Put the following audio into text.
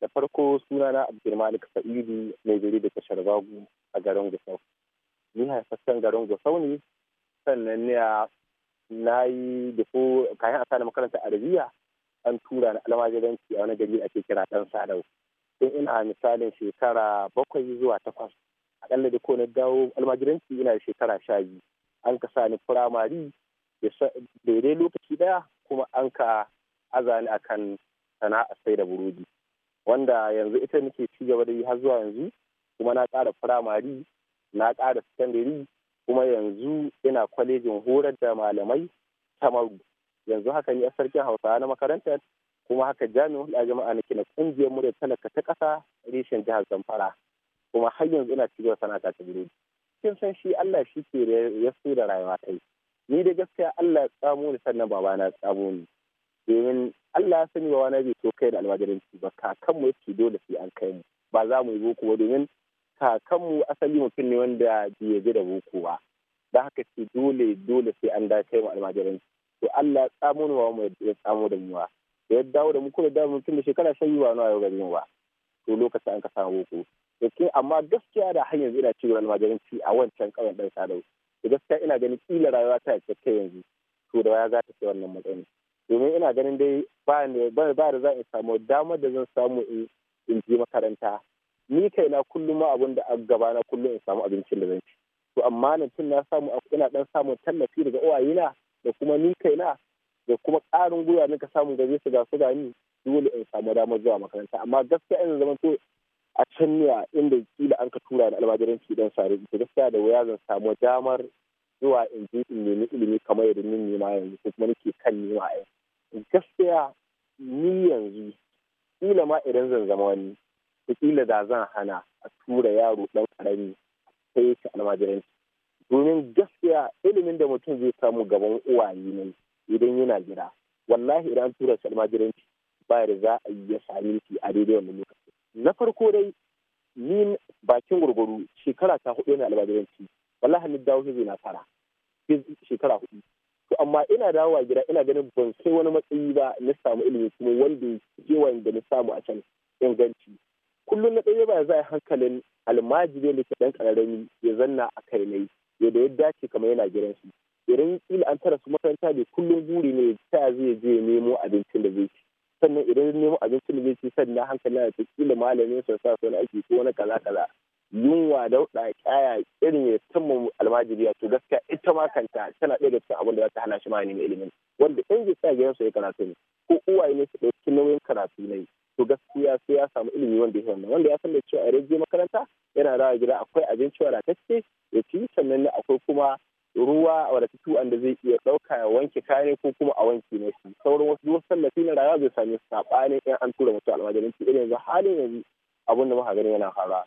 da farko suna sunana abdulmalik sa'idu mai gari da tashar bagu a garin gusau ni haifaffen garin gusau ne sannan ni na yi da ko kayan a da makaranta arabiya an tura na almajiranci a wani gari ake kira dan sadau In ina misalin shekara bakwai zuwa takwas akalla da ko na dawo almajiranci ina da shekara sha biyu an ka sa ni firamari daidai lokaci daya kuma an ka azani akan sana'a sai da burodi wanda yanzu ita nake ci gaba da yi har zuwa yanzu kuma na kara firamari na kara secondary kuma yanzu ina kwalejin horar da malamai ta maru. yanzu haka ni a sarkin hausawa na makarantar kuma haka jami'in hulɗa jama'a nake na ƙungiyar murya talaka ta ƙasa reshen jihar zamfara kuma har yanzu ina gaba sana'a ta biredi kin san shi Allah shi ke ya so da rayuwa ta ni da gaskiya Allah ya tsamo ni sannan babana ya tsamo ni domin Allah ya sani wa na bai so kai da almajiranci ba kakanmu mu yake dole sai an kai mu ba za mu yi boko ba domin kakanmu asali mutum ne wanda bai ji da boko ba da haka ce dole dole sai an da kai mu almajiranci to Allah ya tsamo ni wa mu ya tsamo da mu da ya dawo da mu kuma da mutum da shekara sai yiwa na yau garin wa to lokacin an ka samu boko yake amma gaskiya da hanyar ina cewa almajiranci a wancan kawai dan sadau gaskiya ina ganin kila rayuwa ta ce kai yanzu to da ya za ta ce wannan matsayin domin ina ganin dai ba da za in samu damar da zan samu in je makaranta ni na kullum ma abin da gaba na kullum in samu abincin da zan ci to amma nan tun na samu ina dan samun tallafi daga na da kuma ni kai na da kuma ƙarin gwiwa ka samu gaje su ga su ga ni dole in samu damar zuwa makaranta amma gaskiya ina zaman to a can ne inda kila an ka tura ni almajiranci dan sare ita gaskiya da waya zan samu damar zuwa in je in nemi ilimi kamar yadda ni nema yanzu ko kuma nake kan nema yanzu gaskiya ni yanzu kila ma idan zan zama wani kila da zan hana a tura yaro dan karami sai shi almajiranci domin gaskiya ilimin da mutum zai samu gaban uwaye ne idan yana gida wallahi idan an tura shi almajiranci ba da za a yi ya sami shi a daidai wannan lokaci na farko dai ni bakin gurguru shekara ta hudu yana almajiranci wallahi ni dawo shi zai na fara shekara hudu amma ina dawowa gida ina ganin ban kai wani matsayi ba na samu ilimi kuma wanda ke da na samu a can inganci kullum na ɗaya ba za a hankalin almajirin da ke ɗan ƙararrami ya zanna a kai nai yadda ya dace kamar yana gidan su idan ila an tara su makaranta da kullum buri ne ta zai je ya nemo abincin da zai ci sannan idan nemo abincin da zai ci sannan hankalin da kila malamin sa sa wani aiki ko wani kaza kaza yunwa da huɗa irin ya tamma almajiriya to gaskiya ita ma kanta tana ɗaya daga cikin abin da za ta hana shi ma neman ilimin wanda in zai tsaya gidansu ya karatu ne ko uwaye ne su ɗauki nauyin karatu ne to gaskiya sai ya samu ilimi wanda ya wannan wanda ya san da cewa a je makaranta yana rawa gida akwai abinci wadatacce ya ci sannan akwai kuma ruwa tutu wanda zai iya ɗauka ya wanke kayan ko kuma a wanke mashi sauran wasu duk sallafi na rayuwa zai sami saɓani saɓanin in an tura musu almajiranci irin yanzu halin yanzu abin da muka gani yana faruwa